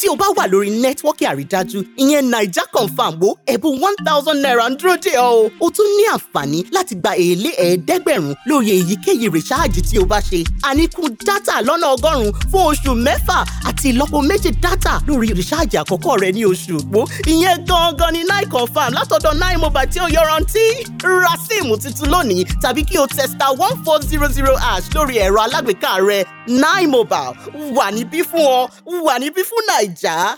tí o bá wà lórí nẹ́tíwọ́kì àrídájú ìyẹn naija confam wo ẹ̀bùn one thousand naira ń dúró dè ọ́ o. o tún ní àǹfààní láti gba èlé ẹ̀ẹ́dẹ́gbẹ̀rún lórí èyíkéyìí rìsáàjì tí o bá ṣe. àníkún dátà lọ́nà ọgọ́rùn-ún fún oṣù mẹ́fà àti ìlọ́po méjì dátà lórí rìsáàjì àkọ́kọ́ rẹ ní oṣù. ìyẹn gangan ni nine confam látọ̀dọ̀ nine mobile tí ó yọrantí. ras síìmù tuntun lónìí tàbí kí o tẹ star one four zero zero hash lórí ẹ̀rọ alágbèéká rẹ nine mobile wà níbí fún ọ wà níbí fún naija.